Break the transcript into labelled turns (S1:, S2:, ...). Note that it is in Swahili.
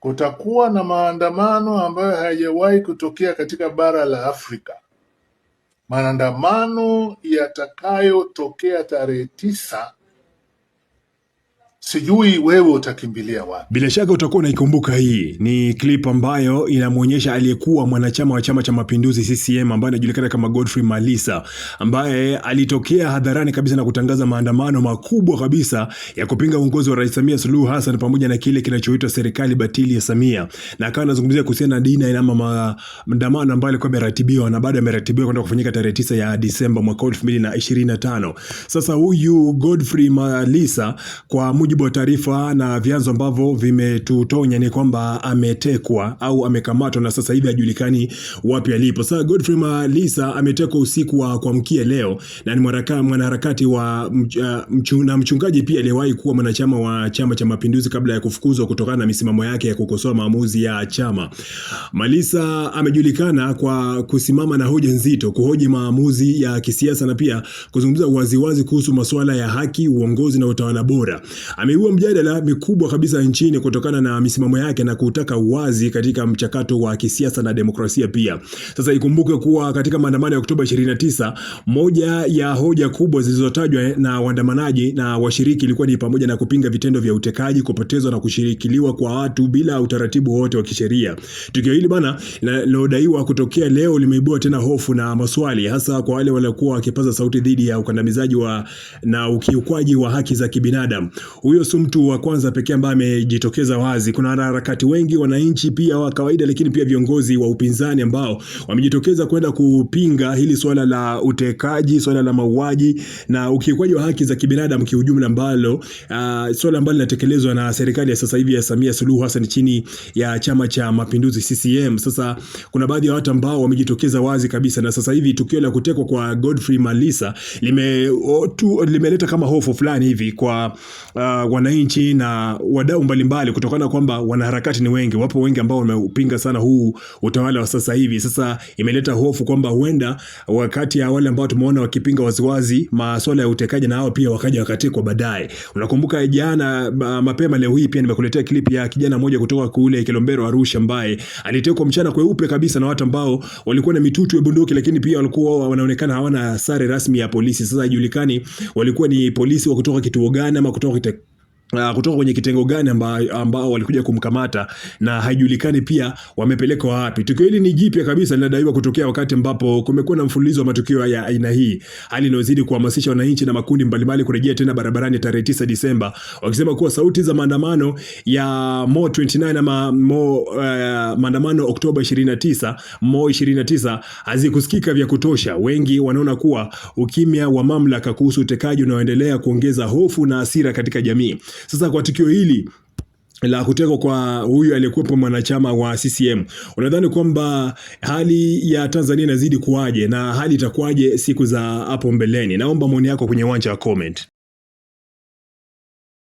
S1: kutakuwa na maandamano ambayo hayajawahi kutokea katika bara la Afrika, maandamano yatakayotokea tarehe tisa Sijui wewe utakimbilia wapi.
S2: Bila shaka utakuwa unaikumbuka hii ni klip ambayo inamwonyesha aliyekuwa mwanachama wa Chama cha Mapinduzi CCM ambaye anajulikana kama Godfrey Malisa ambaye alitokea hadharani kabisa na kutangaza maandamano makubwa kabisa ya kupinga uongozi wa Rais Samia Suluhu Hassan pamoja na kile kinachoitwa serikali batili ya Samia, na akawa anazungumzia kuhusiana na dini na maandamano ambayo alikuwa ameratibiwa na baada ya ameratibiwa kwenda kufanyika tarehe tisa ya Disemba mwaka 2025. Sasa huyu Godfrey Malisa kwa mujibu mujibu wa taarifa na vyanzo ambavyo vimetutonya ni kwamba ametekwa au amekamatwa na sasa hivi hajulikani wapi alipo. Sasa Godfrey Malisa ametekwa usiku wa kuamkia leo na ni mwanaharakati wa uh, mchu, na mchungaji pia aliyewahi kuwa mwanachama wa Chama cha Mapinduzi kabla ya kufukuzwa kutokana na misimamo yake ya kukosoa maamuzi ya chama. Malisa amejulikana kwa kusimama na hoja nzito, kuhoji maamuzi ya kisiasa na pia kuzungumza waziwazi kuhusu masuala ya haki, uongozi na utawala bora ameibua mjadala mikubwa kabisa nchini kutokana na misimamo yake na kutaka uwazi katika mchakato wa kisiasa na demokrasia pia. Sasa ikumbuke kuwa katika maandamano ya Oktoba 29, moja ya hoja kubwa zilizotajwa na waandamanaji na washiriki ilikuwa ni pamoja na kupinga vitendo vya utekaji, kupotezwa na kushirikiliwa kwa watu bila utaratibu wote wa kisheria. Tukio hili bana linalodaiwa kutokea leo limeibua tena hofu na maswali, hasa kwa wale waliokuwa wakipaza sauti dhidi ya ukandamizaji wa na ukiukwaji wa haki za kibinadamu huyo si mtu wa kwanza pekee ambaye amejitokeza wazi. Kuna wanaharakati wengi, wananchi pia wa kawaida, lakini pia viongozi wa upinzani ambao wamejitokeza kwenda kupinga hili swala la utekaji, swala la mauaji na ukiukwaji wa haki za kibinadamu kiujumla, ambalo uh, swala ambalo linatekelezwa na serikali ya sasa hivi ya Samia Suluhu Hassan chini ya Chama cha Mapinduzi CCM. Sasa kuna baadhi ya watu ambao wamejitokeza wazi kabisa, na sasa hivi tukio la kutekwa kwa Godfrey Malisa limeleta kama hofu fulani hivi kwa uh, wananchi na wadau mbalimbali, kutokana kwamba wanaharakati ni wengi, wapo wengi ambao wameupinga sana huu utawala wa sasa hivi. Sasa imeleta hofu kwamba huenda wakati ya wale ambao tumeona wakipinga waziwazi masuala ya utekaji, na hao pia wakaja wakatekwa baadaye. Unakumbuka jana mapema leo hii pia nimekuletea klipi ya kijana mmoja kutoka kule Kilombero Arusha, ambaye alitekwa mchana kweupe kabisa na watu ambao walikuwa na mitutu ya bunduki, lakini pia walikuwa wanaonekana hawana sare rasmi ya polisi. Sasa haijulikani walikuwa ni polisi wa kutoka kituo gani ama kutoka Uh, kutoka kwenye kitengo gani ambao amba walikuja kumkamata na haijulikani pia wamepelekwa wapi. Tukio hili ni jipya kabisa, linadaiwa kutokea wakati ambapo kumekuwa na mfululizo wa matukio ya aina hii, hali inayozidi kuhamasisha wananchi na makundi mbalimbali kurejea tena barabarani tarehe 9 Disemba, wakisema kuwa sauti za maandamano ya Mo 29 ama Mo uh, maandamano Oktoba 29, Mo 29 hazikusikika vya kutosha. Wengi wanaona kuwa ukimya wa mamlaka kuhusu utekaji unaoendelea kuongeza hofu na hasira katika jamii. Sasa kwa tukio hili la kutekwa kwa huyu aliyekuwepo mwanachama wa CCM. Unadhani kwamba hali ya Tanzania inazidi kuwaje na hali itakuwaje siku za hapo mbeleni? Naomba maoni yako kwenye uwanja wa comment.